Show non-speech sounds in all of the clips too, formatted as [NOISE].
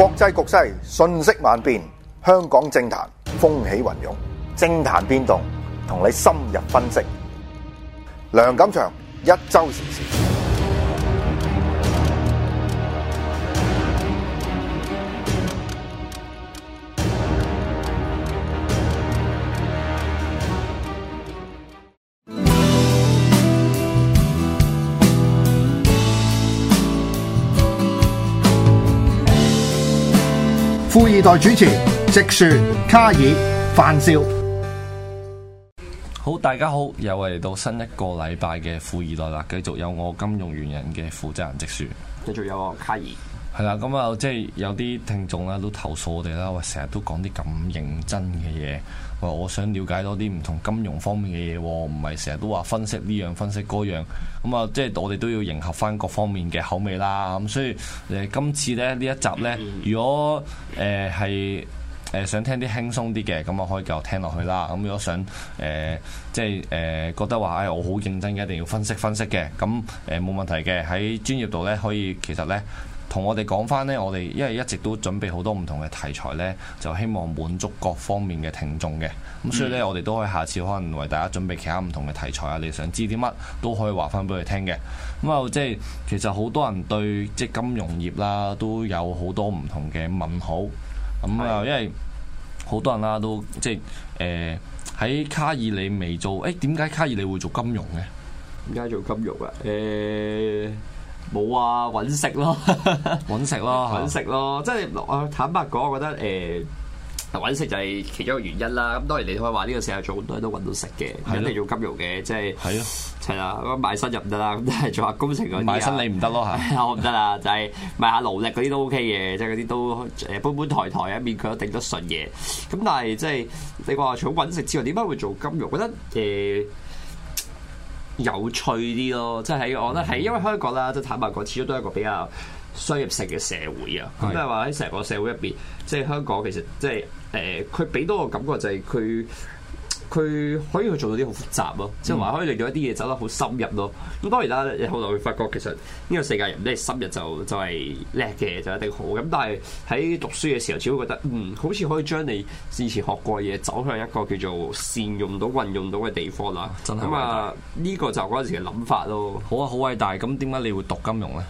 國際局勢瞬息萬變，香港政壇風起雲湧，政壇變動同你深入分析。梁錦祥一周時事。富易袋主持，直樹、卡爾、范少。好，大家好，又嚟到新一個禮拜嘅富易袋啦，繼續有我金融元人嘅負責人直樹，繼續有我卡爾。係啦，咁啊，即係有啲聽眾咧都投訴我哋啦，喂、哎，成日都講啲咁認真嘅嘢。我想了解多啲唔同金融方面嘅嘢、哦，唔係成日都話分析呢樣分析嗰樣。咁、嗯、啊、即、就、係、是、我哋都要迎合返各方面嘅口味啦。咁所以誒、呃，今次咧呢一集呢，如果誒係誒想聽啲輕鬆啲嘅，咁、嗯、我可以繼續聽落去啦。咁、嗯、如果想誒即係誒覺得話，唉、哎，我好認真嘅，一定要分析分析嘅，咁誒冇問題嘅，喺專業度呢，可以其實呢，同我哋講翻呢，我哋因為一直都準備好多唔同嘅題材呢，就希望滿足各方面嘅聽眾嘅。咁所以呢，我哋都可以下次可能為大家準備其他唔同嘅題材啊。你、嗯、想知啲乜都可以話翻俾佢聽嘅。咁、嗯、啊，即係其實好多人對即係金融業啦都有好多唔同嘅問號。咁、嗯、啊，的因為好多人啦都即係喺、呃、卡爾你未做，誒點解卡爾你會做金融嘅？點解做金融啊，誒、呃。冇啊，揾食咯，揾 [LAUGHS] 食咯，揾 [LAUGHS] 食咯，即係坦白講，我覺得誒揾食就係其中一個原因啦。咁當然你都可以話呢個世界做好多人都揾到食嘅，肯的定做金融嘅，即係係啊，係啦，咁買身入唔得啦，咁都係做下工程嗰啲買身你唔得咯，係 [LAUGHS] [LAUGHS] 我唔得啊，就係、是、賣下勞力嗰啲都 OK 嘅，即係嗰啲都誒搬搬抬抬啊，佢強頂得順嘅。咁但係即係你話除咗揾食之外，點解會做金融咧？誒。欸有趣啲咯，即係我覺得係因為香港啦，即係坦白講，始終都係一個比較商業性嘅社會啊。咁即係話喺成個社會入邊，即係香港其實即係誒，佢，呃，俾到個感覺就係佢。佢可以去做到啲好複雜咯，即係話可以令到一啲嘢走得好深入咯。咁當然啦，你後來會發覺其實呢個世界入面咧深入就係、就係叻嘅就一定好。咁但係喺讀書嘅時候，只會覺得嗯，好似可以將你之前學過嘢走向一個叫做善用到運用到嘅地方啦。真係，咁啊，呢、啊呢個就嗰陣時嘅諗法咯。好啊，好偉大。咁點解你會讀金融咧？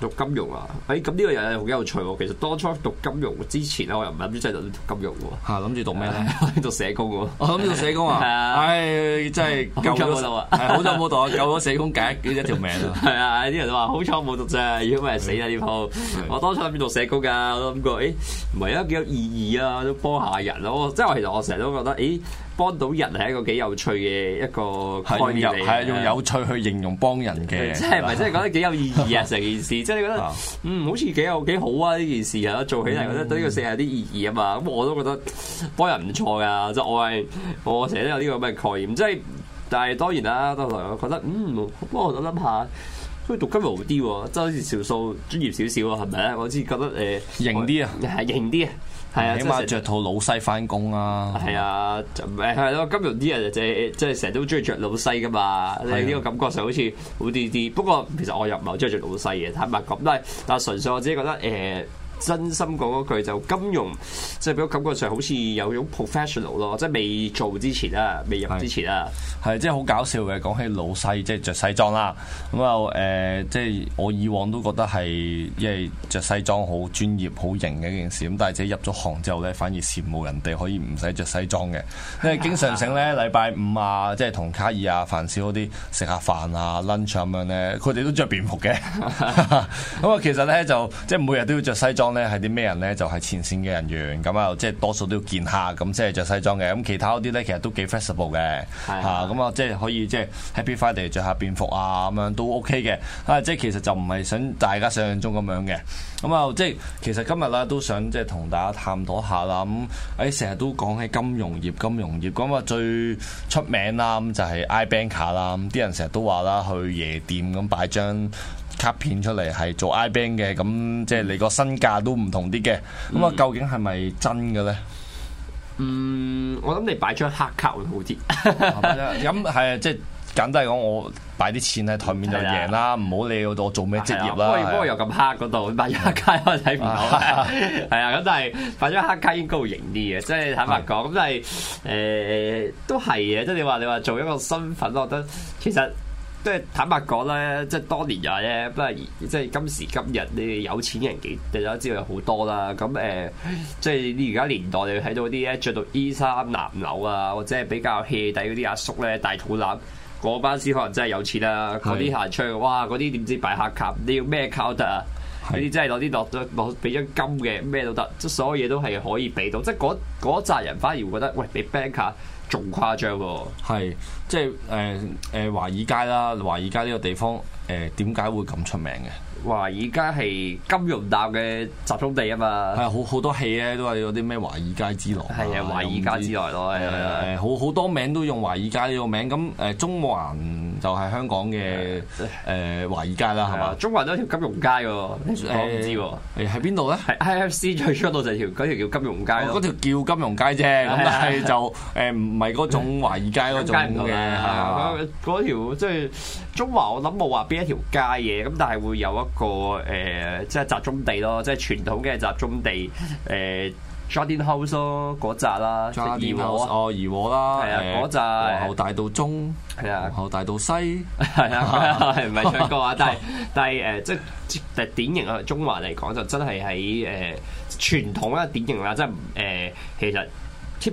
讀金融啊？哎，咁呢個人係好有趣喎、哦。其實當初讀金融之前咧，我又唔係諗住真係讀金融嘅喎。吓，諗住讀咩咧？讀社工喎。 [LAUGHS] 我諗住讀社工啊。係。 [LAUGHS] 哎， [LAUGHS] 真係救咗，好彩冇讀，救咗 [LAUGHS] 社工界一條命。啊。係 [LAUGHS] 啊， [LAUGHS] [LAUGHS] 啲人都話好彩冇讀啫，如果唔係死啦呢鋪。我當初邊讀社工噶，都諗過，哎，唔係啊，幾有意義啊，都幫下人咯。即係其實我成日都覺得，哎。幫到人係一個幾有趣嘅一個概念嚟，係啊，用有趣去形容幫人嘅，即係唔係？真係覺得幾有意義啊！成 [LAUGHS] 件事，即係你覺得 [LAUGHS] 嗯，好似幾有幾好啊！呢件事啊，做起嚟覺得對呢個世界有啲意義啊嘛。咁我都覺得幫人唔錯噶，即、就、係、是、我係我成日都有呢個咩概念，即係但係當然啦，都嚟，覺得嗯，不幫我諗諗下，不如讀金融好啲喎，好似少數專業少少啊，係咪咧？我先覺得誒，型、呃、啲啊，係型啲啊。係啊，起碼着套老西返工啊！係啊，誒係咯，金融啲人就即係成日都中意着老西噶嘛，喺呢、啊、個感覺上好似好啲啲。不過其實我又唔係好中意着老西嘅，坦白講，但純粹我自己覺得誒。呃真心講一句就金融，即係俾我感覺上好似有種 professional 咯，即係未做之前啊，未入之前啊，係即係好搞笑嘅。講起老細即係着西裝啦，咁啊誒即係我以往都覺得係因為着西裝好專業好型嘅一件事，咁但係自己入咗行之後咧，反而羨慕人哋可以唔使着西裝嘅，因為經常性咧禮拜五啊，即係同卡爾啊、凡少啲食下飯啊、lunch 咁樣咧，佢哋都着便服嘅。咁啊，其實咧就即係每日都要着西裝。咧係啲咩人呢？就係前線嘅人員，咁啊，即係多數都要見客，咁即係着西裝嘅。咁其他嗰啲呢，其實都幾 flexible 嘅，嚇。咁啊，即係可以即係 Happy Friday，着下便服啊，咁樣都 OK 嘅。啊，即係其實就唔係想大家想象中咁樣嘅。咁啊，即係其實今日啦，都想即係同大家探討下啦。咁、哎、誒，成日都講起金融業，金融業咁啊，最出名啦，咁就係 I-Banker、er, 啦。咁啲人成日都話啦，去夜店咁擺張卡片出嚟係做 I-Bank 嘅，咁即係你個身價都唔同啲嘅。咁啊，究竟係咪真嘅咧、嗯 [LAUGHS] 哦？嗯，我諗你擺張黑卡會好啲。咁係啊，即係簡單嚟講，我擺啲錢喺台面就贏啦，唔好的理我做咩職業啦。不過的又咁黑嗰度，擺黑卡可能睇唔到。係啊，咁但係擺張黑卡應該會型啲嘅。即係坦白講，咁但係誒、呃、都係嘅。即係你話你話做一個身份，我覺得其實。即係坦白講咧，即係當年又係咧，不過即係今時今日，你哋有錢人幾你都知道有好多啦。咁誒、呃，即係你而家年代你睇到啲咧着到衣衫襤褸啊，或者係比較 hea 底嗰啲阿叔咧大肚腩，嗰班先可能真係有錢啦。嗰啲是的 行出去哇！嗰啲點知擺黑卡？你要咩卡都得啊？呢啲真係攞啲落咗攞俾張金嘅咩都得，即係所有嘢都係可以俾到。即係嗰扎人反而會覺得喂俾 bank 卡。」仲誇張喎，係即係誒誒華爾街啦，華爾街呢個地方誒點解會咁出名嘅？華爾街係、呃、金融搭嘅集中地啊嘛，係好好多戲咧，都係嗰啲咩華爾街之狼，係啊華爾街之狼咯，係係係，好好多名都用華爾街呢個名，咁誒中環。就係香港嘅誒華爾街啦，係嘛、嗯？吧中環都有一條金融街喎，欸、我唔知喎、啊。喺邊度咧？係 I F C 最出到就係條嗰條叫金融街咯。嗰條叫金融街啫，咁、哦嗯、但係就誒唔係嗰種華爾街嗰種嘅嚇。嗰條即係、就是、中環，我諗冇話邊一條街嘅，咁但係會有一個誒、呃，即係集中地咯，即係傳統嘅集中地誒。呃 Jardine House 咯，嗰集啦 Jardine House 哦，怡和啦，嗰、啊、集皇后大道中，啊，皇后大道西，係啊，係唔係唱歌啊？但係但係誒、呃，即係誒典型啊，中環嚟講就真係喺誒傳統啊，典型啦、呃，即係誒、呃、其實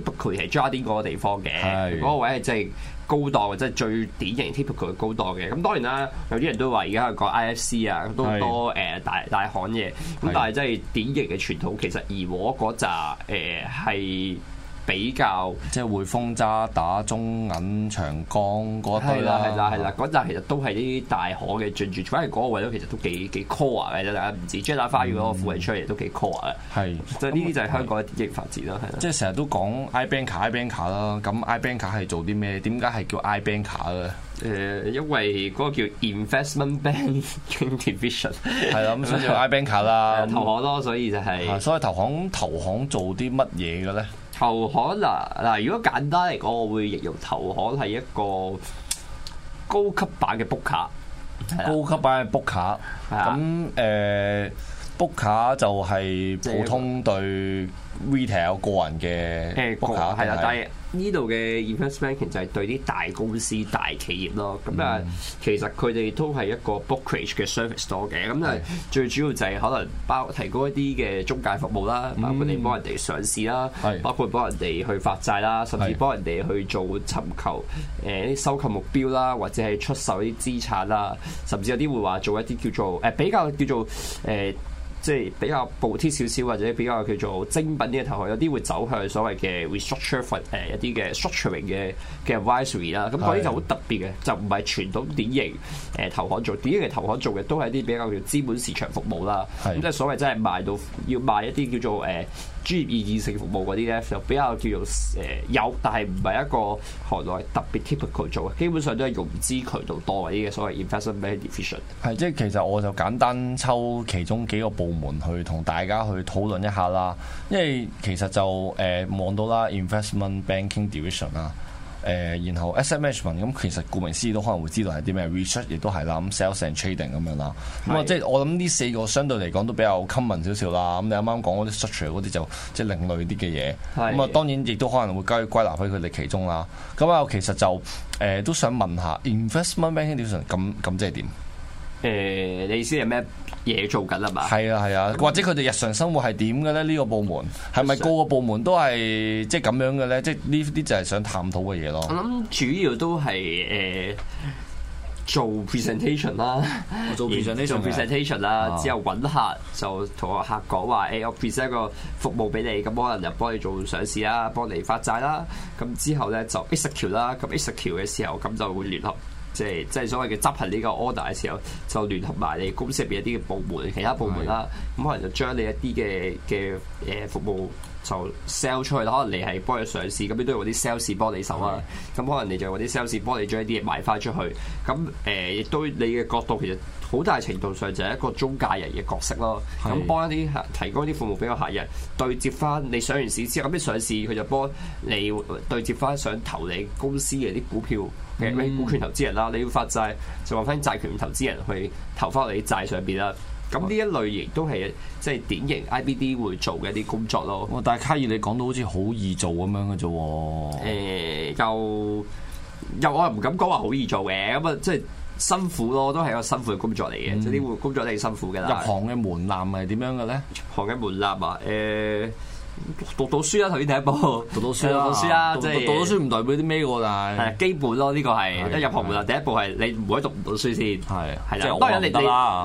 typical 係 Jardine 嗰個地方嘅，嗰的個位係正、就是。高檔即係最典型 typical 嘅高檔嘅。咁當然啦，有啲人都話而家係講 IFC 啊，都多誒大大行嘢，咁但係即係典型嘅傳統，其實而我嗰扎誒係。呃比較即係滙豐、渣打、中銀、長江嗰對啦，係啦，係啦，係啦。嗰陣其實都係啲大行嘅進駐，反而嗰個位都其實都幾幾 core 嘅啫，大家唔知遮打花園嗰個附近出嚟都幾 core 嘅。係，所以呢啲就係香港嘅發展啦，係啦、嗯。即係成日都講 iBanker iBanker 啦，咁 iBanker 係做啲咩？點解係叫 iBanker 嘅？誒，因為嗰個叫 investment banking division 係啦，咁所以叫 iBanker 啦。投行咯，所以就係、啊。所以投行投行做啲乜嘢嘅咧？投行嗱嗱，如果簡單嚟講，我會形容投行係一個高級版嘅 book 卡，高級版嘅 book 卡。咁誒，book 卡就係普通對 retail 個人嘅 book 卡，係啊，係啊的。是呢度嘅 investment banking 就係對啲大公司大企業咯，咁啊，其實佢哋都係一個 bookage 嘅 service 多嘅，咁啊，最主要就係可能包提供一啲嘅中介服務啦，包括你幫人哋上市啦，嗯、包括幫人哋去發債啦，是甚至幫人哋去做尋求誒啲、呃、收購目標啦，或者係出售啲資產啦，甚至有啲會話做一啲叫做誒、呃、比較叫做誒。呃即係比較 boutique 少少，或者比較叫做精品啲嘅投行，有啲會走向所謂嘅 restructure、誒一啲嘅 structuring 嘅嘅 advisory 啦。咁嗰啲就好特別嘅。是的 就唔係傳統典型誒、呃、投行做，典型嘅投行做嘅都係一啲比較叫資本市場服務啦。咁是的 即係所謂真係賣到要賣一啲叫做誒。呃專業意義性服務嗰啲咧，就比較叫做誒、呃、有，但係唔係一個行內特別 typical 做嘅，基本上都係融資渠道多啲嘅，所謂 investment banking division。係即係其實我就簡單抽其中幾個部門去同大家去討論一下啦，因為其實就誒望、呃、到啦，investment banking division 啦。誒、呃，然後 asset，management 咁，其實顧名思義都可能會知道係啲咩 research，亦都係啦。咁的、嗯、sales and trading 咁樣啦。咁、嗯、啊，的呃、即係我諗呢四個相對嚟講都比較 common 少少啦。咁、嗯、你啱啱講嗰啲 structure 嗰啲就即係另類啲嘅嘢。咁啊的、嗯，當然亦都可能會歸歸納喺佢哋其中啦。咁、嗯、啊、嗯，其實就誒、呃、都想問下 investment management 咁咁即係點？誒、呃，你意思係咩？嘢做緊啊嘛，係啊係啊，或者佢哋日常生活係點嘅咧？呢、呢個部門係咪個個部門都係即係咁樣嘅咧？即係呢啲就係想探討嘅嘢咯。我諗主要都係誒、呃、做 presentation 啦， [LAUGHS] 做 presentation，presentation 啦， [LAUGHS] 之後揾客就同個客講話誒，我 present 一個服務俾你，咁可能就幫你做上市啦，幫你發債啦，咁之後咧就 execute 啦，咁 execute 嘅時候咁就會聯合。即係即係所謂嘅執行呢個 order 嘅時候，就聯合埋你公司入邊一啲嘅部門、其他部門啦。咁的可能就將你一啲嘅嘅誒服務就 sell 出去啦。可能你係幫佢上市，咁樣都要嗰啲 sales 幫你手啊。咁的可能你就揾啲 sales 幫你將一啲嘢賣翻出去。咁誒亦都你嘅角度其實好大程度上就係一個中介人嘅角色咯。咁的幫一啲提供一啲服務俾個客人，對接翻你上完市之後咁你上市，後你上市佢就幫你對接翻想投你公司嘅啲股票。嘅咩？嗯、股權投資人啦，你要發債，就話翻債權投資人去投翻你啲債上邊啦。咁呢一類型都係即係典型 IBD 會做嘅一啲工作咯、哦。但係卡爾，你講到好似好易做咁樣嘅啫喎。誒、欸，又我又唔敢講話好易做嘅咁啊！即係辛苦咯，都係一個辛苦嘅工作嚟嘅。即係呢工工作都係辛苦嘅。入行嘅門檻係點樣嘅咧？入行嘅門檻啊，誒、欸。讀到書啦，頭先第一步。讀到書啦，即係讀到書唔代表啲咩，但係基本咯，呢個係一入行就第一步係你唔可以讀唔到書先，係係啦，當然你你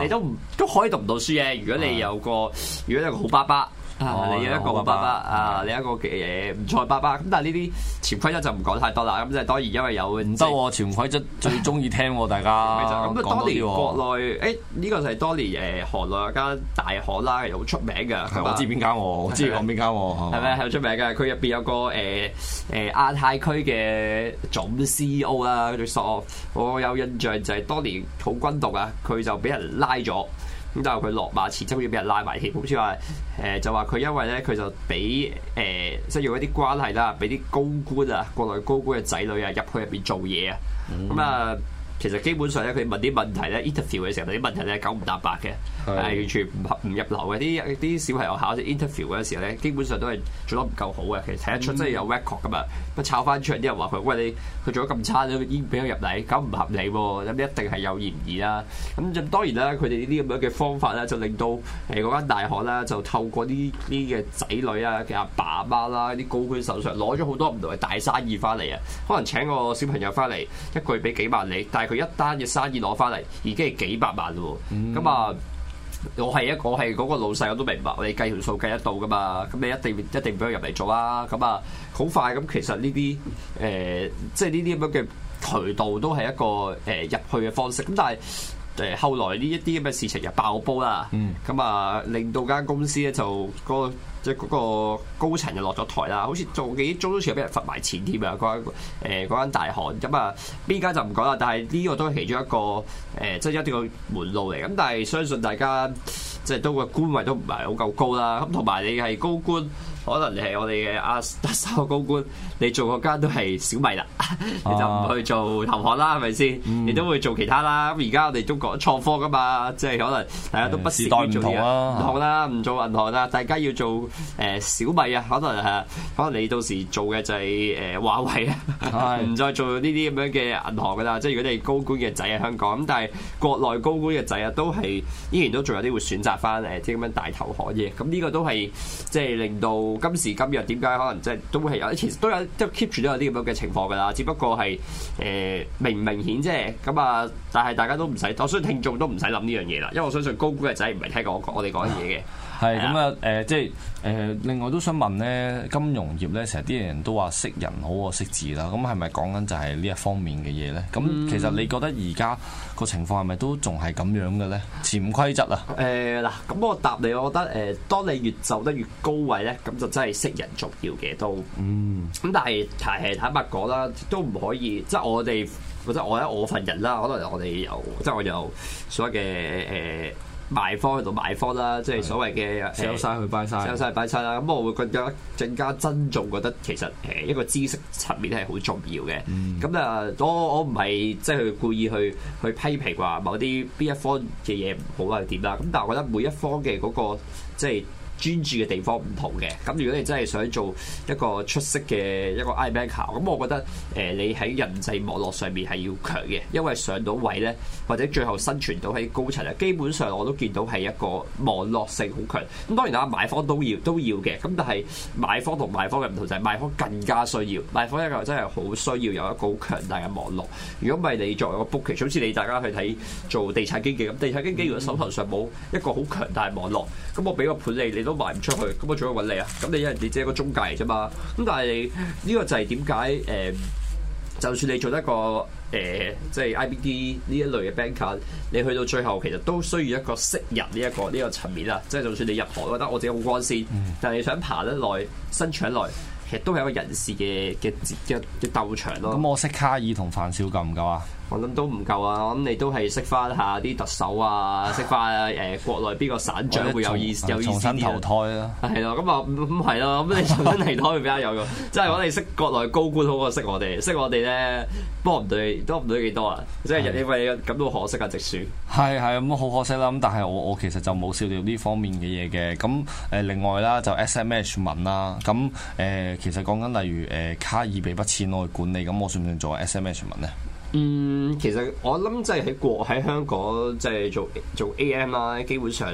你都都可以讀唔到書嘅，如果你有個如果你有個好爸爸。啊哦、你有一個爸爸喂啊！嗯、你一個唔錯嘅爸爸。咁但係呢啲潛規則就唔講太多啦。咁即係當然，因為有唔得喎。潛規則最中意聽喎，大家。咁啊，當年國內誒呢、欸呢個就係當年誒、呃、韓國有間大行啦，係好出名嘅。啊、吧我知邊間喎？吧我知講邊間喎？係咪係好出名嘅？佢入邊有個誒誒、呃呃、亞太區嘅總 CEO 啦。佢就話：我有印象就係當年好軍獨啊，佢就俾人拉咗。咁但係佢落馬，始終要俾人拉埋協，好似話誒就話佢因為咧佢就俾誒即係用一啲關係啦，俾啲高官啊，國內高官嘅仔女啊入去入邊做嘢啊，咁啊、嗯嗯嗯、其實基本上咧佢問啲問題咧 interview 嘅時候啲問題咧九唔搭八嘅。係完全唔合唔入流嘅。啲啲小朋友考 interview 嗰時咧，基本上都係做得唔夠好嘅。其實睇得出，真係有 record 噶嘛。咪炒翻出嚟啲人話佢喂，你佢做得咁差，都已經俾佢入嚟，咁唔合理喎。咁、嗯、一定係有嫌疑啦。咁、嗯、就當然啦，佢哋呢啲咁樣嘅方法咧，就令到誒嗰間大學咧，就透過呢啲嘅仔女啊、嘅阿爸阿媽啦、啲高官手上攞咗好多唔同嘅大生意翻嚟啊。可能請個小朋友翻嚟一個月俾幾萬你，但係佢一單嘅生意攞翻嚟已經係幾百萬咯。咁、嗯、啊～我係一個我係嗰個老細，我都明白，你計條數計得到噶嘛？咁你一定一定唔俾佢入嚟做啦。咁啊，好、啊、快咁，其實呢啲誒，即係呢啲咁樣嘅渠道都係一個誒入、呃、去嘅方式。咁但係誒、呃，後來呢一啲咁嘅事情又爆煲啦。嗯，咁啊，令到間公司咧就嗰、嗰個。嗰個高層就落咗台啦，好似做幾租都似俾人罰埋錢添啊！嗰間誒、嗰間、大行咁啊，邊、嗯、間就唔講啦。但係呢個都係其中一個誒，即、呃、係、就是、一啲個門路嚟。咁但係相信大家即係都個官位都唔係好夠高啦。咁同埋你係高官，可能你係我哋嘅阿特首高官，你做嗰間都係小米啦，啊、你就唔去做投行啦，係咪先？嗯、你都會做其他啦。咁而家我哋中國創科㗎嘛，即係可能大家都不時，做時代唔同好啦，唔做銀行啦，大家要做誒、呃、小米啊，可能係，可能你到時做嘅就係、是、誒、呃、華為啊，唔是 [LAUGHS] 再做呢啲咁樣嘅銀行㗎啦。即係如果你高官嘅仔喺香港，咁但係國內高官嘅仔啊，都係依然都仲有啲會選擇翻誒即咁樣大投行嘅。咁呢個都係即係令到今時今日點解可能即係都係有，其實都有。都 keep 住都有啲咁樣嘅情況㗎啦，只不過係誒、呃、明唔明顯啫。咁啊，但係大家都唔使，我相信聽眾都唔使諗呢樣嘢啦。因為我相信高官嘅仔唔係聽過我講，我哋講嘢嘅。係咁啊，誒的、呃、即係誒、呃，另外都想問咧，金融業咧，成日啲人都話識人好過識字啦，咁係咪講緊就係呢一方面嘅嘢咧？咁其實你覺得而家？個情況係咪都仲係咁樣嘅咧？潛規則啊、欸！誒嗱，咁我答你，我覺得誒、欸，當你越走得越高位咧，咁就真係識人重要嘅都。嗯。咁但係，係坦白講啦，都唔可以，即係我哋或者我喺我份人啦，可能我哋有，即係我有所謂嘅誒。欸賣方喺度賣方啦，即係所謂嘅 sell side、呃、buy side、sell side buy side 啦、嗯。咁我會更加更加珍重，覺得其實誒一個知識層面係好重要嘅。咁啊、嗯，我我唔係即係故意去去批評話某啲邊一方嘅嘢唔好啊點啦。咁但係我覺得每一方嘅嗰、嗰個即係。專注嘅地方唔同嘅，咁如果你真係想做一個出色嘅一個 I-Banker，咁我覺得誒、呃、你喺人際網絡上面係要強嘅，因為上到位咧，或者最後生存到喺高層啊，基本上我都見到係一個網絡性好強。咁當然啦、啊，買方都要都要嘅，咁但係買方同賣方嘅唔同就係賣方更加需要，賣方一個真係好需要有一個好強大嘅網絡。如果唔係你作為個 booker，好似你大家去睇做地產經紀咁，地產經紀如果手頭上冇一個好強大嘅網絡，咁我俾個盤你，你，都賣唔出去，咁我仲可以搵你啊？咁你因為你只係一個中介嚟啫嘛。咁但係呢、這個就係點解？誒、呃，就算你做得一個即係、呃就是、IBD 呢一類嘅 banker，你去到最後其實都需要一個識人呢、這、一個呢、這個層面啊。即係、嗯、就，就算你入行覺得我自己好光鮮，嗯、但係你想爬得耐、生存得耐，其實都係一個人事嘅嘅嘅嘅鬥場咯。咁、嗯、我識卡爾同范少夠唔夠啊？我諗都唔夠啊！我諗你都係識翻下啲特首啊，識翻誒國內邊個省長會有意思有意思啲人重新投胎啊， [LAUGHS] 係咯咁啊，唔係咯咁你重新投胎會比較有用，即係我哋識國內高官好過識我哋，識我哋咧幫唔到，幫唔到幾多啊，即係因為咁，都可惜啊！直樹係係咁好可惜啦。咁但係我我其實就冇少掉呢方面嘅嘢嘅。咁誒、呃，另外啦，就 asset management 啦。咁、呃、誒，其實講緊例如誒、呃，卡爾俾筆錢我去管理，咁我算唔算做 asset management 咧？嗯，其實我諗即係喺國喺香港即係、就是、做做 AM 啦，基本上。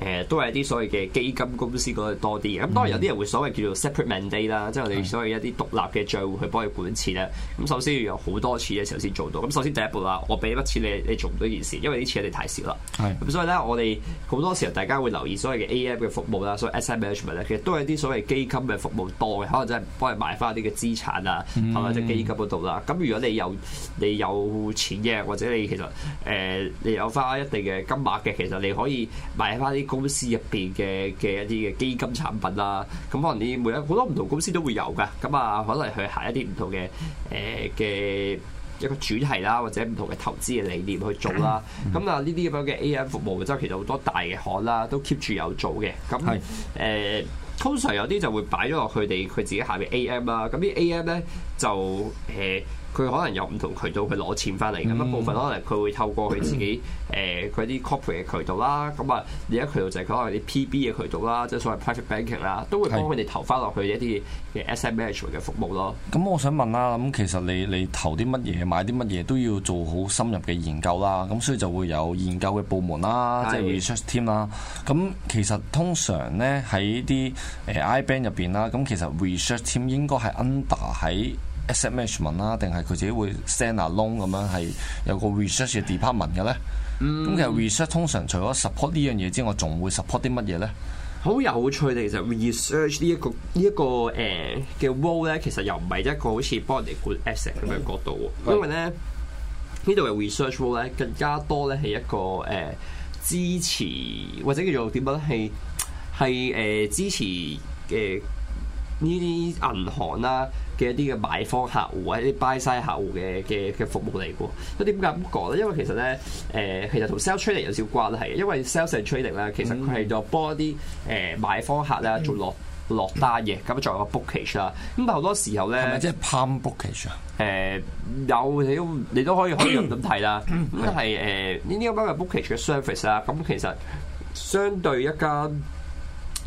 誒都係一啲所謂嘅基金公司嗰度多啲嘅，咁當然有啲人會所謂叫做 separate mandate 啦，即係我哋所謂一啲獨立嘅帳戶去幫佢管錢啦。咁首先要有好多錢嘅時候先做到。咁首先第一步啦，我俾筆錢你，你做唔到一件事，因為啲錢一定太少啦。咁是所以咧，我哋好多時候大家會留意所謂嘅 AM 嘅服務啦，所以 asset management 啊，其實都係啲所謂基金嘅服務多嘅，可能真係幫你買翻啲嘅資產啊，係咪，嗯？或者基金嗰度啦。咁如果你有你有錢嘅，或者你其實誒、呃、你有翻一定嘅金額嘅，其實你可以買翻啲。公司入邊嘅嘅一啲嘅基金產品啦，咁可能你每一好多唔同公司都會有㗎，咁啊可能去行一啲唔同嘅誒嘅一個主題啦，或者唔同嘅投資嘅理念去做啦，咁啊呢啲咁樣嘅 AM 服務，即係其實好多大行啦都 keep 住有做嘅，咁誒、呃、通常有啲就會擺咗落佢哋佢自己下邊 AM 啦，咁啲 AM 咧就誒。呃佢可能有唔同渠道去攞錢翻嚟，咁一、嗯、部分可能佢會透過佢自己誒嗰啲 corporate 嘅渠道啦，咁啊另一渠道就係可能啲 P.B. 嘅渠道啦，即係所謂 private banking 啦，都會幫佢哋投翻落去一啲嘅 s m a 嘅服務咯。咁、嗯、我想問啦、啊，咁其實你你投啲乜嘢買啲乜嘢都要做好深入嘅研究啦，咁所以就會有研究嘅部門啦，即係的 research team 啦。咁其實通常咧喺啲誒 I-Bank 入邊啦，咁、呃、其實 research team 應該係 under 喺。Asset management 啦，定係佢自己會 send 啊 long 咁樣，係有個 research 嘅 department 嘅咧。咁、嗯、其實 research 通常除咗 support 呢樣嘢之外，仲會 support 啲乜嘢咧？好有趣嘅，其實 research 呢、這、一個呢一、這個誒嘅、呃、role 咧，其實又唔係一個好似幫人哋沽 asset 咁嘅角度喎。嗯、因為咧呢度嘅、嗯、research role 咧更加多咧係一個誒、呃、支持或者叫做點樣係係誒支持嘅。呢啲銀行啦嘅一啲嘅買方客戶啊，啲 buy side 客戶嘅嘅嘅服務嚟嘅，有點解咁講咧？因為其實咧，誒、呃、其實同 sales trading 有少少關係，因為 sales trading 咧其實佢係就幫一啲誒買方客啦做落落單嘅，咁再個 bookage 啦，咁好多時候咧，係咪即係 pen bookage 啊？誒有你都你都可以可以咁睇啦，咁係誒呢呢間嘅 bookage 嘅 service 啊，咁其實相對一間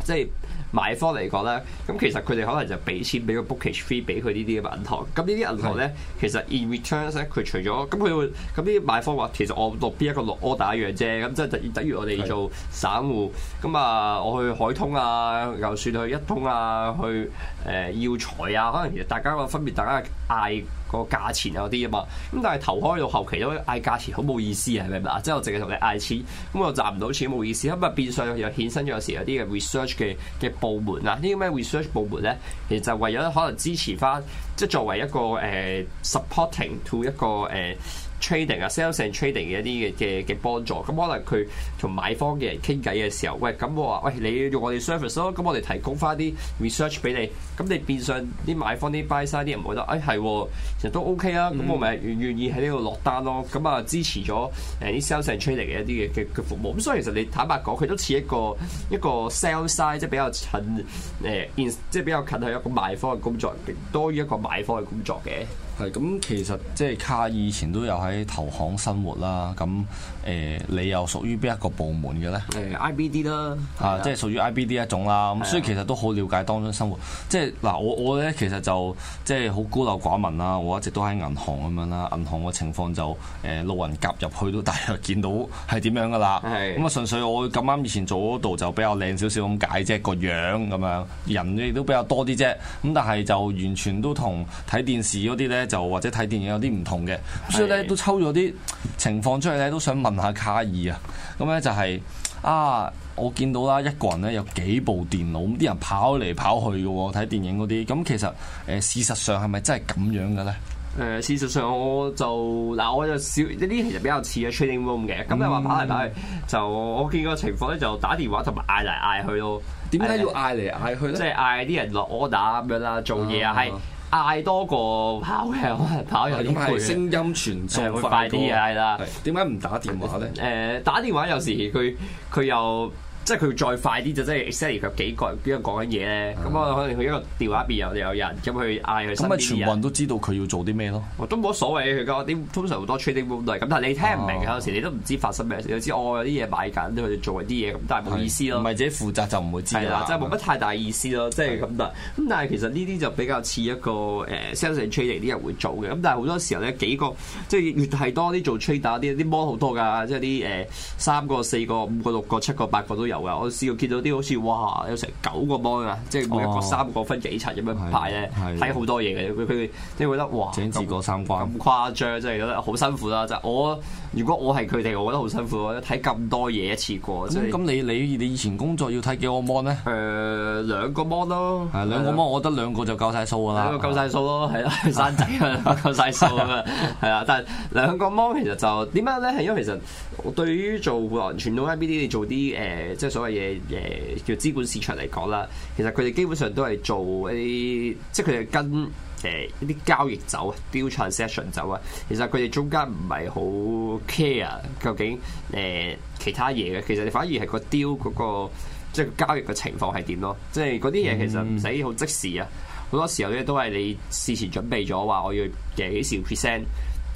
即係。買方嚟講咧，咁其實佢哋可能就俾錢俾個 bookage fee 俾佢呢啲嘅銀行，咁呢啲銀行咧是的，其實 in returns 咧，佢除咗咁佢會，咁呢啲買方話其實我落邊一個落 order 一樣啫，咁即係等於等於我哋做散戶，咁啊是的 我去海通啊，又算去一通啊，去誒耀才啊，可能其實大家個分別，大家嗌。個價錢有啲啊嘛，咁但係投開到後期都嗌價錢好冇意思啊，係咪？啊？即係我淨係同你嗌錢，咁我賺唔到錢冇意思。咁啊變相又衍生咗，有時有啲嘅 research 嘅嘅部門啊，呢啲咩 research 部門咧，其實就為咗可能支持翻。即係作為一個誒、呃、supporting to 一個誒、呃、trading 啊 sales and trading 嘅一啲嘅嘅嘅幫助。咁可能佢同買方嘅人傾偈嘅時候，喂，咁我話，喂，你用我哋 service 咯，咁我哋提供翻啲 research 俾你，咁你變相啲買方啲 buy side 啲人覺得，誒、哎、係、哎，其實都 OK 啊，咁、嗯、我咪願願意喺呢度落單咯。咁啊，支持咗誒啲 sales and trading 嘅一啲嘅嘅嘅服務，咁、嗯、所以其實你坦白講佢都似一個一個 sell side，即係比,、呃、比較近誒，即係比較近係一個賣方嘅工作人，多於一個。擺方嘅工作嘅。係咁，其實即係卡以前都有喺投行生活啦。咁誒，你又屬於邊一個部門嘅咧？誒，IBD 啦，啊，即係屬於 IBD 一種啦。咁的所以其實都好了解當中生活。的即係嗱，我我咧其實就即係好孤陋寡聞啦。我一直都喺銀行咁樣啦，銀行嘅情況就誒路人甲入去都大約見到係點樣噶啦。咁啊的，純粹我咁啱以前做嗰度就比較靚少少咁解啫。個樣咁樣，人亦都比較多啲啫。咁但係就完全都同睇電視嗰啲咧。就或者睇電影有啲唔同嘅，所以咧都抽咗啲情況出嚟咧，都想問下卡爾啊。咁咧就係、是、啊，我見到啦，一個人咧有幾部電腦，啲人跑嚟跑去嘅喎，睇電影嗰啲。咁其實誒、呃、事實上係咪真係咁樣嘅咧？誒、呃、事實上我就嗱、呃，我就少一啲，其實比較似嘅 trading room 嘅。咁你話跑嚟跑去就，就我見個情況咧，就打電話同埋嗌嚟嗌去咯。點解要嗌嚟嗌去？即係嗌啲人落 order 咁樣啦，做嘢啊，係。嗌多過跑下，跑下啲，佢聲音傳送快啲，係啦。點解唔打電話咧？誒、呃，打電話有時佢佢又。即係佢再快啲就即係 exactly 有幾個邊個講緊嘢咧？咁我可能佢一個電話入邊有有人咁去嗌佢。咁咪全運都知道佢要做啲咩咯？都冇乜所謂佢講啲通常好多 trading room 都係咁，但係你聽唔明嘅、啊、有時你都唔知發生咩事，知我有時哦有啲嘢買緊佢哋做啲嘢咁，但係冇意思咯。唔係自己負責就唔會知係啦，即係冇乜太大意思咯，即係咁得。咁的但係其實呢啲就比較似一個誒 sales and trading 啲人會做嘅。咁但係好多時候咧幾個即係越係多啲做 trader 啲啲 mon 好多㗎，即係啲誒三個四個五個六個，六個七個，七個八個都有。我試過見到啲好似哇有成九個 mon 啊，即係每一個三個分幾層咁樣排咧，睇好、哦、多嘢嘅。佢佢即係覺得哇，整個三關咁誇張，真係覺得好辛苦啦。就係、是、我如果我係佢哋，我覺得好辛苦。睇咁多嘢一次過，即係咁你你你以前工作要睇幾個 mon 咧？誒兩個 mon 咯，兩個 mon 我覺得兩個就夠晒數噶啦，夠晒數咯，係啦、啊，生仔啊， [LAUGHS] 夠曬數啊，係啊，但係兩個 mon 其實就點樣咧？係因為其實我對於做全腦 IBD，你做啲誒。呃即係所謂嘢，誒、呃、叫資本市場嚟講啦，其實佢哋基本上都係做一啲，即係佢哋跟誒、呃、一啲交易走啊，deal transaction 走啊。其實佢哋中間唔係好 care 究竟誒、呃、其他嘢嘅，其實你反而係個 deal 嗰個即係交易嘅情況係點咯。即係嗰啲嘢其實唔使好即時啊，好多時候咧都係你事前準備咗話我要幾時 percent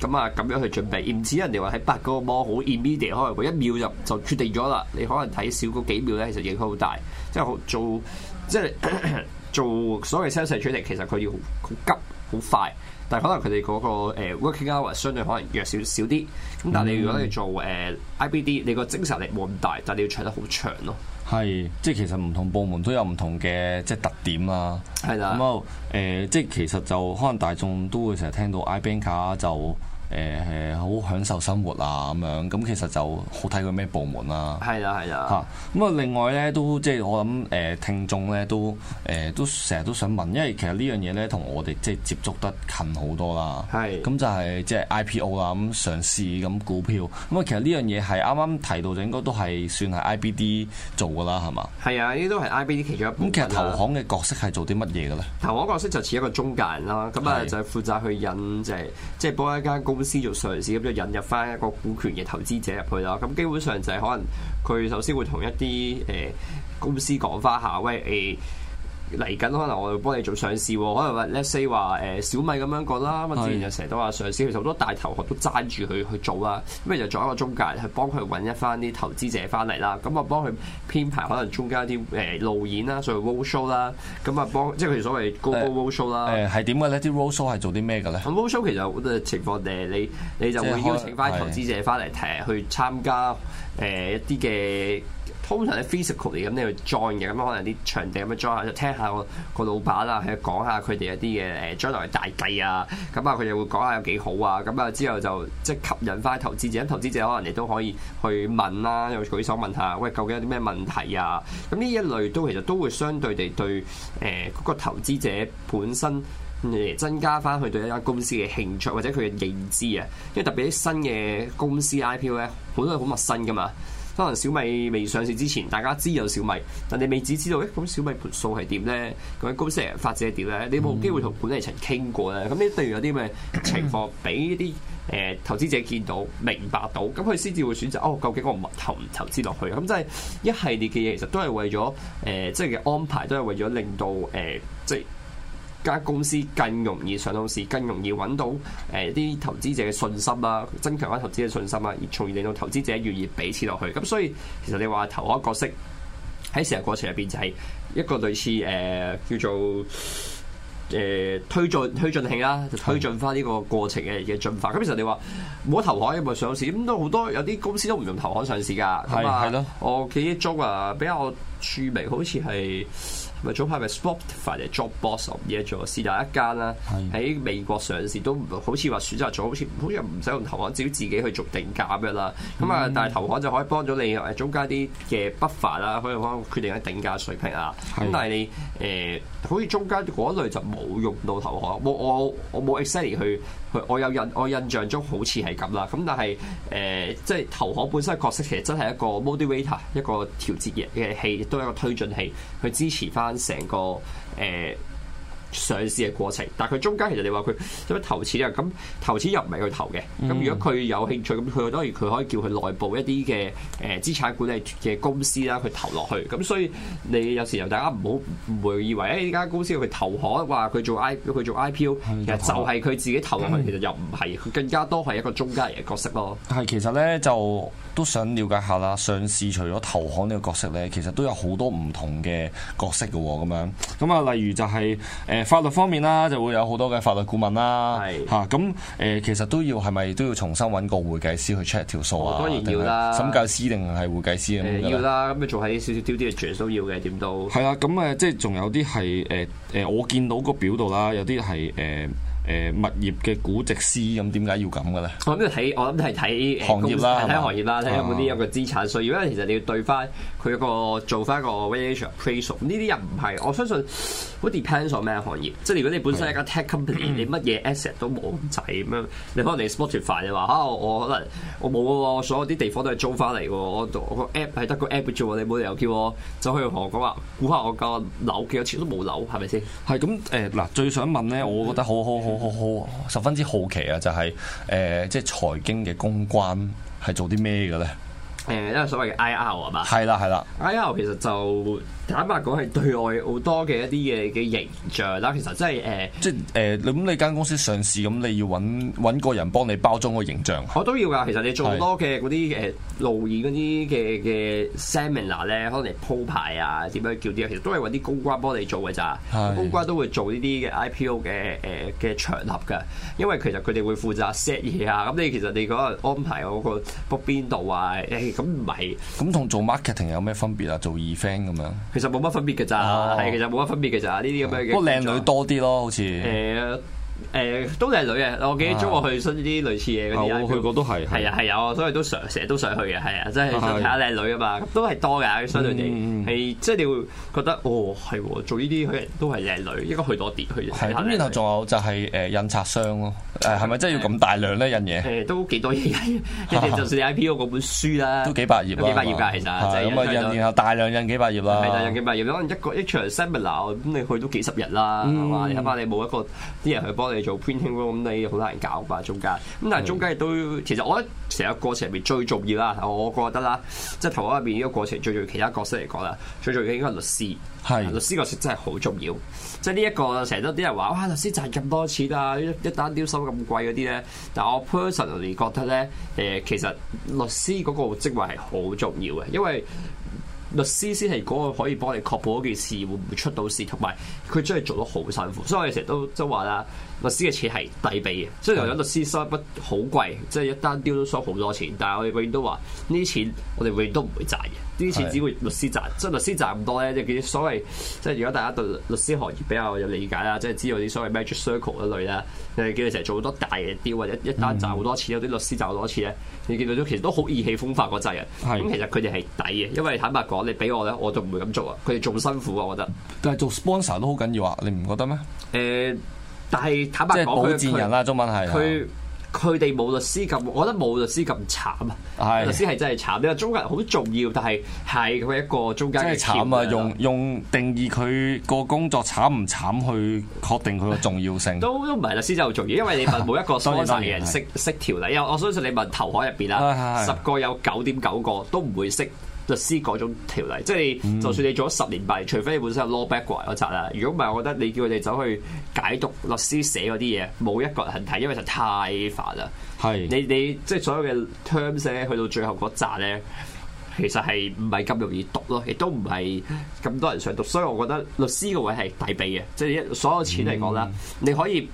咁啊，咁樣去準備，唔止人哋話喺八個模好 immediate，可能佢一秒就就決定咗啦。你可能睇少嗰幾秒咧，其實影響好大。即係做即係咳咳做所謂生死處理，其實佢要好急好快。但係可能佢哋嗰個誒 working hour 相對可能弱少少啲，咁但係你如果你做誒 IBD，你個精神力冇咁大，但係你要長得好長咯。係，即係其實唔同部門都有唔同嘅即係特點啊。係啦的，咁誒、嗯呃、即係其實就可能大眾都會成日聽到 I-Banker 就。誒誒，好、呃、享受生活啊咁樣，咁其實就好睇佢咩部門啦。係啊，係啊，嚇，咁啊，另外咧都即係我諗誒、呃、聽眾咧都誒、呃、都成日都想問，因為其實呢樣嘢咧同我哋即係接觸得近好多啦。係是。咁就係即係 IPO 啦，咁上市咁股票，咁啊其實呢樣嘢係啱啱提到就應該都係算係 IBD 做㗎啦，係嘛？係啊，呢啲都係 IBD 其中一部分啦。咁、啊、其實投行嘅角色係做啲乜嘢㗎咧？投行角色就似一個中介人啦，咁啊就係負責去引，就係即係幫一間公公司做上市咁就引入翻一個股權嘅投資者入去啦。咁基本上就係可能佢首先會同一啲誒、呃、公司講翻下，喂誒。欸嚟緊可能我會幫你做上市，可能話 let's say 話誒、欸、小米咁樣講啦，自然就成日都話上市，其實好多大投行都揸住佢去做啦，咁就做一個中介去幫佢揾一翻啲投資者翻嚟啦，咁啊幫佢編排可能中間啲誒路演啦，再 roadshow 啦，咁啊幫即係佢所謂高高 roadshow 啦，係點嘅咧？啲 roadshow 係做啲咩嘅咧？咁 roadshow 其實好多、呃、情況誒，你你就會邀請翻投資者翻嚟踢去參加誒的、呃、一啲嘅。通常係 physical 嚟咁，你去 join 嘅咁可能啲場地咁樣 join 下，就聽下個個老闆啦，去講下佢哋一啲嘅誒將來大計啊。咁啊，佢哋會講下有幾好啊。咁啊，之後就即係吸引翻投資者，投資者可能你都可以去問啦，又舉手問下喂，究竟有啲咩問題啊？咁呢一類都其實都會相對地對誒、呃嗰個投資者本身增加翻佢對一間公司嘅興趣或者佢嘅認知啊。因為特別啲新嘅公司 IPO 咧，好多係好陌生噶嘛。可能小米未上市之前，大家知有小米，但你未只知道，誒咁小米盤數係點咧？咁高盛發展係點咧？你冇機會同管理層傾過咧。咁你例如有啲咩情況，俾啲誒投資者見到、明白到，咁佢先至會選擇，哦，究竟我唔投唔投資落去？咁即係一系列嘅嘢，其實都係為咗誒，即係嘅安排，都係為咗令到誒，即、呃、係。就是間公司更容易上到市，更容易揾到誒啲、呃、投資者嘅信心啦，增強翻投資者信心啦，而從而令到投資者願意俾錢落去。咁所以其實你話投行角色喺成日過程入邊就係一個類似誒、呃、叫做誒、呃、推進推進器啦，推進翻呢個過程嘅嘅進化。咁的其實你話冇投行有唔上市，咁都好多有啲公司都唔用投行上市㗎。係係咯，的我記憶中啊比較著名好似係。咪早排咪 Spotify 嚟 Job Boss 呢一做，是但一間啦，喺是的 美國上市都好似話選擇咗，好似好似唔使用投行，只要自己去做定價咁樣啦。咁啊，但係投行就可以幫咗你誒中間啲嘅不法啦，可以幫決定一定價水平啊。咁是的 但係你誒、呃，好似中間嗰類就冇用到投行，我我我冇 e x c t i n 去。我有印，我印象中好似係咁啦。咁但係誒、呃，即係投行本身嘅角色其實真係一個 moderator，一個調節嘅嘅器，亦都一個推進器，去支持翻成個誒。呃上市嘅過程，但係佢中間其實你話佢做乜投錢啊？咁投錢又唔係佢投嘅。咁如果佢有興趣，咁佢當然佢可以叫佢內部一啲嘅誒資產管理嘅公司啦，去投落去。咁所以你有時候大家唔好唔會以為誒呢間公司要佢投行，話佢做 I 佢做 IPO、嗯、其實就係佢自己投落去，嗯、其實又唔係，佢更加多係一個中間人嘅角色咯。係其實咧，就都想了解下啦。上市除咗投行呢個角色咧，其實都有好多唔同嘅角色嘅喎。咁樣咁啊，例如就係、是、誒。呃法律方面啦，就會有好多嘅法律顧問啦，嚇咁誒，其實都要係咪都要重新揾個會計師去 check 條數啊？當然要啦，審計師定係會計師啊、呃？要啦，咁咪做喺少少刁啲嘅 check 都要嘅，點都係啦。咁誒、啊，即係仲有啲係誒誒，我見到個表度啦，有啲係誒。呃誒物業嘅估值師咁點解要咁嘅咧？我諗睇，我諗係睇行業啦，睇行業啦，睇吧有冇啲有個資產需要。所以如果其實你要對翻佢一個做翻一個 valuation appraisal，呢啲又唔係。我相信好 depends on 咩行業。即係如果你本身一家 tech company，的你乜嘢 asset 都冇仔咁樣，你可能你 spotify 快就話嚇、啊、我可能我冇喎，所有啲地方都係租翻嚟喎，我我個 app 係得個 app 做，你冇理由叫我走去同我講話估下我個樓幾多錢都冇樓，係咪先？係咁誒嗱，最想問咧，我覺得好好好。好好好好好好好。我好十分之好奇啊，就係、是、誒、呃，即係財經嘅公關係做啲咩嘅咧？誒、嗯，因為所謂 IR 啊嘛？係啦，係啦，IR 其實就。坦白講係對外好多嘅一啲嘢嘅形象啦，其實真係誒，呃、即係誒，咁、呃、你間公司上市咁，你要揾個人幫你包裝個形象，我都要㗎。其實你做多嘅嗰啲誒路演嗰啲嘅嘅 seminar 咧，可能係鋪排啊，點樣叫啲，其實都係揾啲公關幫你做嘅。咋是。公關都會做呢啲嘅 IPO 嘅誒嘅場合㗎，因為其實佢哋會負責 set 嘢啊。咁你其實你嗰日安排我個 book 邊度啊？誒、欸，咁唔係。咁同做 marketing 有咩分別啊？做 event 咁樣。其實冇乜分別㗎咋，係其實冇乜分別㗎咋，呢啲咁樣嘅。不過靚女多啲咯，好似。Uh. 誒都靚女嘅，我記得中學去新啲類似嘢嗰啲啊，我去過都係係啊係有啊，所以都想成日都想去嘅係啊，即係想睇下靚女啊嘛，都係多嘅相對哋，係即係你會覺得哦係做呢啲都係靚女，應該去多啲去咁，然後仲有就係誒印刷商咯，誒係咪真係要咁大量咧印嘢？都幾多嘢，一定就算 IPO 嗰本書啦，都幾百頁，幾百頁㗎其實。咁啊印，然後大量印幾百頁啦，大量幾百頁，可能一個一場 seminar 咁，你去都幾十日啦，係嘛？你恐怕你冇一個啲人去幫。我哋做 printing 咁，你好難搞吧？中間咁，但係中間亦都，其實我覺得成個過程入邊最重要啦，我覺得啦，即係頭嗰入邊呢個過程最重要，其他角色嚟講啦，最重要應該係律師。係是的、啊、律師角色真係好重要，即係呢一個成日都有啲人話哇，律師賺咁多錢啊，一單吊手咁貴嗰啲咧。但係我 personally 覺得咧，誒，其實律師嗰個職位係好重要嘅，因為律師先係嗰個可以幫你確保一件事會唔會出到事，同埋佢真係做得好辛苦。所以我哋成日都都話啦。律師嘅錢係抵俾嘅，雖然我諗律師收一筆好貴，即係一單 deal 都收好多錢。但係我哋永遠都話呢啲錢，我哋永遠都唔會賺嘅。呢啲錢只會律師賺， [LAUGHS] 即係律師賺咁多咧。即係叫所謂，即係如果大家對律師行業比較有理解啦，即係知道啲所謂 magic circle 嗰類啦，你哋叫佢成日做好多大嘅 deal 或者一單賺好多錢，有啲律師賺好多錢咧，你見到都其實都好意氣風發嗰陣嘅。咁 [LAUGHS] 其實佢哋係抵嘅，因為坦白講，你俾我咧，我都唔會咁做啊。佢哋仲辛苦啊，我覺得。但係做 sponsor 都好緊要啊，你唔覺得咩？誒、呃。但係坦白講，佢佢佢哋冇律師咁，我覺得冇律師咁慘啊！是 律師係真係慘，因為中介好重要，但係係佢一個中介。真係慘啊！用用定義佢個工作慘唔慘去確定佢個重要性，都都唔係律師就好重要，因為你問每一個所 [LAUGHS] 謂嘅人識識條例，因為我相信你問投海入邊啦，十個有九點九個都唔會識。律師嗰種條例，即係、嗯、就算你做咗十年八年，除非你本身有 law background 嗰扎啦。如果唔係，我覺得你叫佢哋走去解讀律師寫嗰啲嘢，冇一個人肯睇，因為實太煩啦。係是你你即係所有嘅 terms 咧，去到最後嗰扎咧，其實係唔係咁容易讀咯，亦都唔係咁多人想讀。所以我覺得律師個位係抵畀嘅，即係所有錢嚟講啦，嗯、你可以。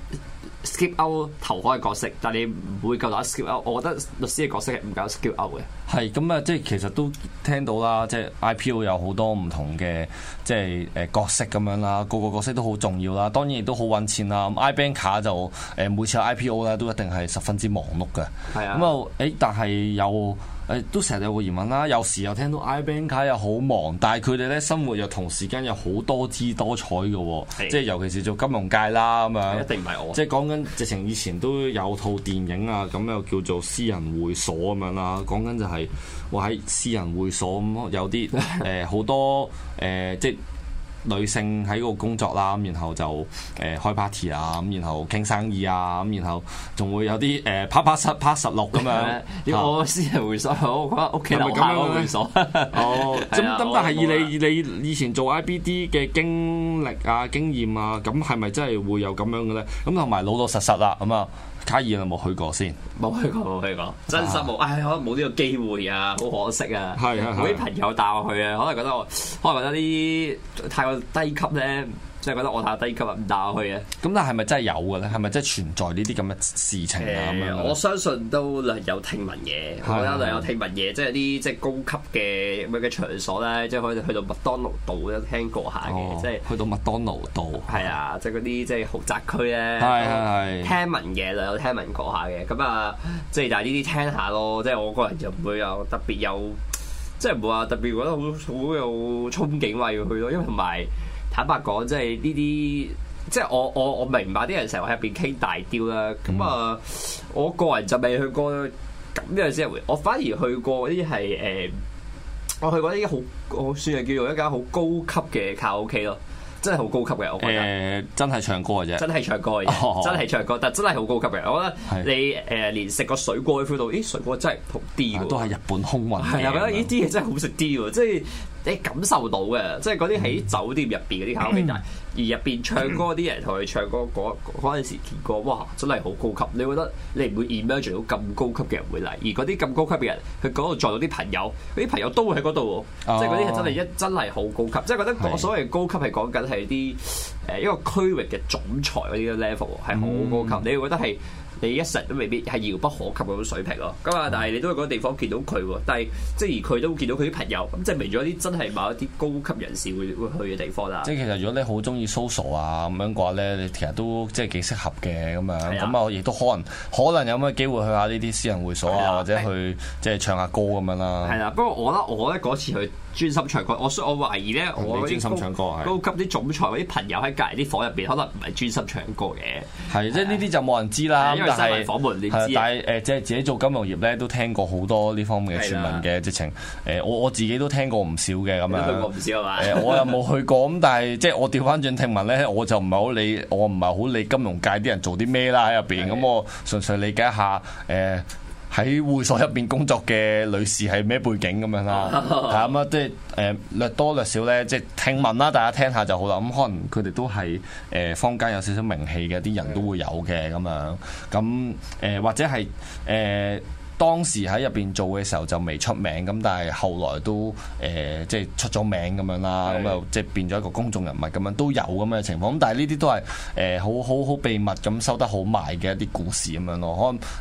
skip out 投開嘅角色，但係你唔會夠膽 skip out。我覺得律師嘅角色係唔夠 skip out 嘅。係咁啊，即係其實都聽到啦，即係 IPO 有好多唔同嘅，即係誒、呃、角色咁樣啦，個個角色都好重要啦，當然亦都好揾錢啦。咁、嗯、I-Banker、er、就誒、呃、每次有 IPO 咧都一定係十分之忙碌嘅。係啊，咁啊誒，但係有。誒都成日有個疑問啦，有時又聽到 I-Banker、er、又好忙，但係佢哋咧生活又同時間又好多姿多彩嘅喎、哦，即係的尤其是做金融界啦咁的樣，一定唔係我。即係講緊直情以前都有套電影啊，咁又叫做私人會所咁樣啦，講緊就係話喺私人會所咁有啲誒好多誒、呃、即。女性喺嗰度工作啦，咁然後就誒開 party 啊，咁然後傾生意啊，咁然後仲會有啲誒、呃、啪趴十趴十六咁樣。呢個私人會所，我覺得屋企係咪咁樣咧、啊？啊、 [LAUGHS] 哦，咁咁但係以你、嗯、你以前做 IBD 嘅經。啊，經驗啊，咁係咪真係會有咁樣嘅咧？咁同埋老老實實啦，咁啊、嗯，卡爾有冇去過先？冇去過，冇去，去過，真心冇。啊、唉，可能冇呢個機會啊，好可惜啊。係係、啊。我啲、啊、朋友帶我去啊，可能覺得我，可能覺得啲太過低級咧。即係覺得我太低級唔打我去嘅。咁但係咪真係有嘅咧？係咪真係存在呢啲咁嘅事情啊？是吧我相信都略有聽聞嘅，是的 我覺得略有聽聞嘅，即係啲即係高級嘅咩嘅場所咧，即係可以去到麥當勞度都聽過下嘅，哦、即係是去到麥當勞度。係啊、就是，即係嗰啲即係豪宅區咧，的聽聞嘅，略有聽聞過下嘅。咁啊，即係但係呢啲聽下咯，即係我個人就唔會有特別有，即係唔會話特別覺得好好有憧憬話要去咯，因為同埋。坦白講，即係呢啲，即係我我我明白啲人成日喺入邊傾大雕啦。咁、嗯、啊，我個人就未去過咁樣先回。我反而去過啲係誒，我去過啲好，我算係叫做一間好高級嘅卡拉 OK 咯、呃，真係好高級嘅。誒，真係唱歌嘅啫，真係唱歌，嘅。 [LAUGHS] 真係唱歌，但真係好高級嘅。我覺得你誒是、呃、連食個水果都 feel 到，咦，水果真係蒲啲嘅，都係日本空運嘅。係覺得呢啲嘢真係好食啲喎，即係。你感受到嘅，即係嗰啲喺酒店入邊嗰啲口味就係。而入邊唱歌啲人同佢唱歌嗰嗰陣時見過哇！真係好高級，你會覺得你唔會 imagine 到咁高級嘅人會嚟，而啲咁高級嘅人，佢嗰度撞到啲朋友，啲朋友都會喺度，即係啲人真係一真係好高級，即係覺得所謂高級係講緊係啲誒一個區域嘅總裁嗰啲 level 係好高級，你會覺得係你一成都未必係遙不可及嗰種水平咯，咁啊、嗯？但係你都喺嗰個地方見到佢，但係即係而佢都見到佢啲朋友，咁即係未咗啲真係某一啲高級人士會會去嘅地方啦。即係其實如果你好中意。搜索啊咁樣嘅話咧，你其實都即係幾適合嘅咁樣，咁啊亦都可能可能有咩機會去下呢啲私人會所啊，或者去即係唱下歌咁樣啦。係啦，不過我覺得我咧嗰次去專心唱歌，我我懷疑咧，我專心唱歌係高級啲總裁嗰啲朋友喺隔離啲房入邊，可能唔係專心唱歌嘅。係即係呢啲就冇人知啦，因為西環房門你知。係，但係誒即係自己做金融業咧，都聽過好多呢方面嘅傳聞嘅，直情誒我我自己都聽過唔少嘅咁啊。聽過唔少係嘛？我又冇去過咁，但係即係我調翻轉。聽聞咧，我就唔係好理，我唔係好理金融界啲人做啲咩啦喺入邊，咁是的、嗯、我純粹理解一下，誒、呃、喺會所入邊工作嘅女士係咩背景咁樣啦，係咁啊，即係誒略多略少咧，即係聽聞啦，大家聽下就好啦。咁、嗯、可能佢哋都係誒、呃、坊間有少少名氣嘅，啲人都會有嘅咁樣，咁、嗯、誒、呃、或者係誒。呃當時喺入邊做嘅時候就未出名咁，但係後來都誒、呃、即係出咗名咁樣啦，咁又即係變咗一個公眾人物咁樣都有咁嘅情況。咁但係呢啲都係誒、呃、好好好，好秘密咁收得好埋嘅一啲故事咁樣咯。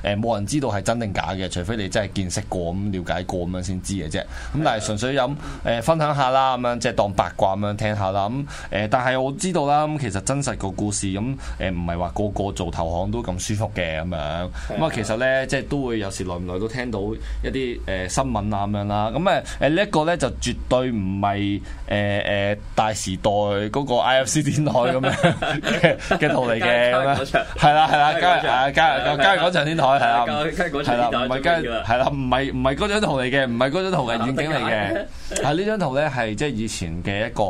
可能誒冇、呃、人知道係真定假嘅，除非你真係見識過咁了解過咁樣先知嘅啫。咁但係純粹飲誒、呃、分享下啦，咁樣即係當八卦咁樣聽下啦。咁、呃、誒但係我知道啦，咁其實真實個故事咁誒唔係話個個做投行都咁舒服嘅咁樣。咁啊的的其實咧即係都會有時內。原嚟都聽到一啲誒新聞啊咁樣啦，咁誒誒呢一個咧就絕對唔係誒誒大時代嗰個 IFC 天台咁樣嘅圖嚟嘅，係啦，係啦，加入加入加入廣場天台係啦，係啦，唔係加係啦，唔係唔係嗰張圖嚟嘅，唔係嗰張圖嘅遠景嚟嘅，係呢張圖咧係即係以前嘅一個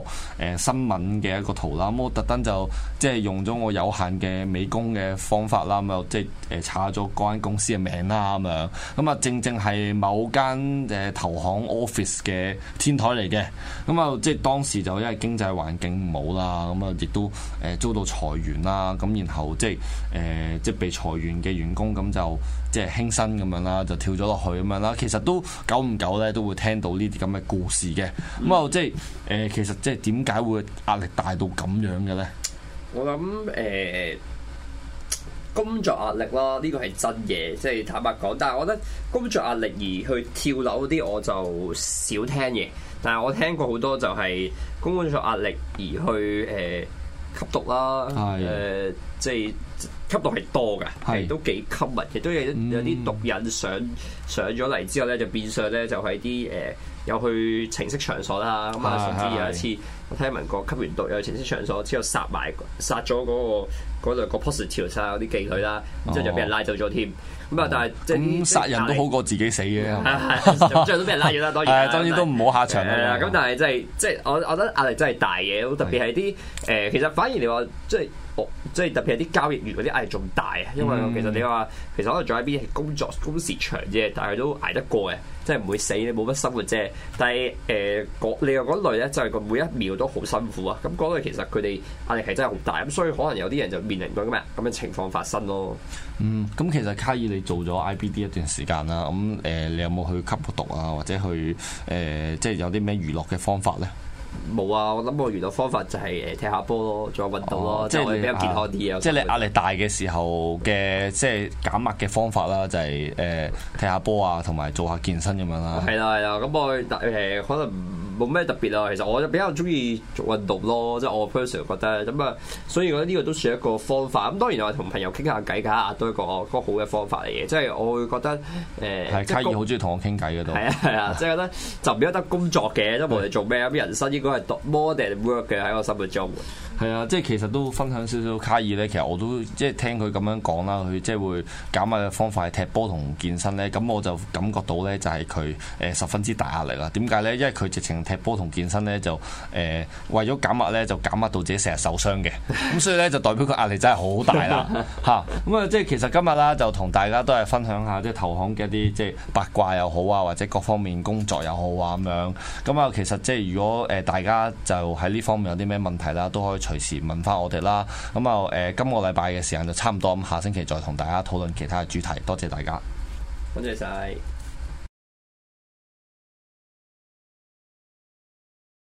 誒新聞嘅一個圖啦，咁我特登就即係用咗我有限嘅美工嘅方法啦，咁又即係誒查咗嗰間公司嘅名啦咁樣。咁啊，正正係某間誒投行 office 嘅天台嚟嘅，咁啊，即係當時就因為經濟環境唔好啦，咁啊，亦都誒遭到裁員啦，咁然後即係誒即係被裁員嘅員工咁就即係輕生咁樣啦，就跳咗落去咁樣啦。其實都久唔久咧，都會聽到呢啲咁嘅故事嘅。咁啊，即係誒，其實即係點解會壓力會大到咁樣嘅咧？我諗誒。呃工作壓力啦，呢個係真嘢，即係坦白講。但係我覺得工作壓力而去跳樓啲，我就少聽嘢。但係我聽過好多就係工作壓力而去誒、呃、吸毒啦，誒是、呃、即係吸毒係多㗎，係是 都幾吸密，亦都有有啲毒癮上上咗嚟之後咧，就變相咧就係啲誒。呃有去情色場所啦，咁啊，甚至有一次，我聽聞過吸完毒有去情色場所，之後殺埋殺咗嗰個嗰個 positive 啦，嗰啲妓女啦，之後就俾人拉走咗添。咁啊，但係即係殺人都好過自己死嘅。最後都俾人拉咗啦，當然。當然都唔好下場啦。咁但係真係即係我，我覺得壓力真係大嘅。特別係啲誒，其實反而你話即係。哦，即係特別係啲交易員嗰啲壓力仲大啊，因為其實你話其實可能做 I B D 工作工時長啫，但係都捱得過嘅，即係唔會死你冇乜生活啫。但係誒，嗰另外嗰類咧就係佢每一秒都好辛苦啊。咁、那、嗰、個、類其實佢哋壓力係真係好大咁，所以可能有啲人就面臨到咁嘅咁嘅情況發生咯。嗯，咁其實卡爾你做咗 I B D 一段時間啦，咁誒、呃、你有冇去吸毒啊，或者去誒即係有啲咩娛樂嘅方法咧？冇啊！我諗我娛樂方法就係誒踢下波咯，做下運動咯，哦、即係會比較健康啲啊！即係你壓力大嘅時候嘅即係減壓嘅方法啦、就係，就係誒踢下波啊，同埋做下健身咁樣啦。係啦， [LAUGHS] 係啦，咁我誒可能。冇咩特別啊，其實我就比較中意做運動咯，即係我 personal 覺得咁啊，所以我覺得呢個都算一個方法。咁當然我同朋友傾下偈㗎，都係一個好嘅方法嚟嘅，即係我會覺得誒。係、呃，對公卡爾好中意同我傾偈嗰度。係啊係啊，即係覺得就唔應得工作嘅，都冇你做咩咁。對 人生應該係多 more than work 嘅喺我心目中。係啊，即係其實都分享少少，卡爾呢。其實我都即係聽佢咁樣講啦，佢即係會減壓嘅方法係踢波同健身呢。咁我就感覺到呢，就係佢誒十分之大壓力啦。點解呢？因為佢直情踢波同健身呢，就誒、呃、為咗減壓呢，就減壓到自己成日受傷嘅，咁所以呢，就代表佢壓力真係好大啦吓？咁 [LAUGHS] 啊，即係其實今日啦就同大家都係分享下即係、就是、投行嘅一啲即係八卦又好啊，或者各方面工作又好啊咁樣。咁啊，其實即係如果誒大家就喺呢方面有啲咩問題啦，都可以。隨時問翻我哋啦。咁啊，誒，今個禮拜嘅時間就差唔多，咁下星期再同大家討論其他嘅主題。多謝大家，多謝晒。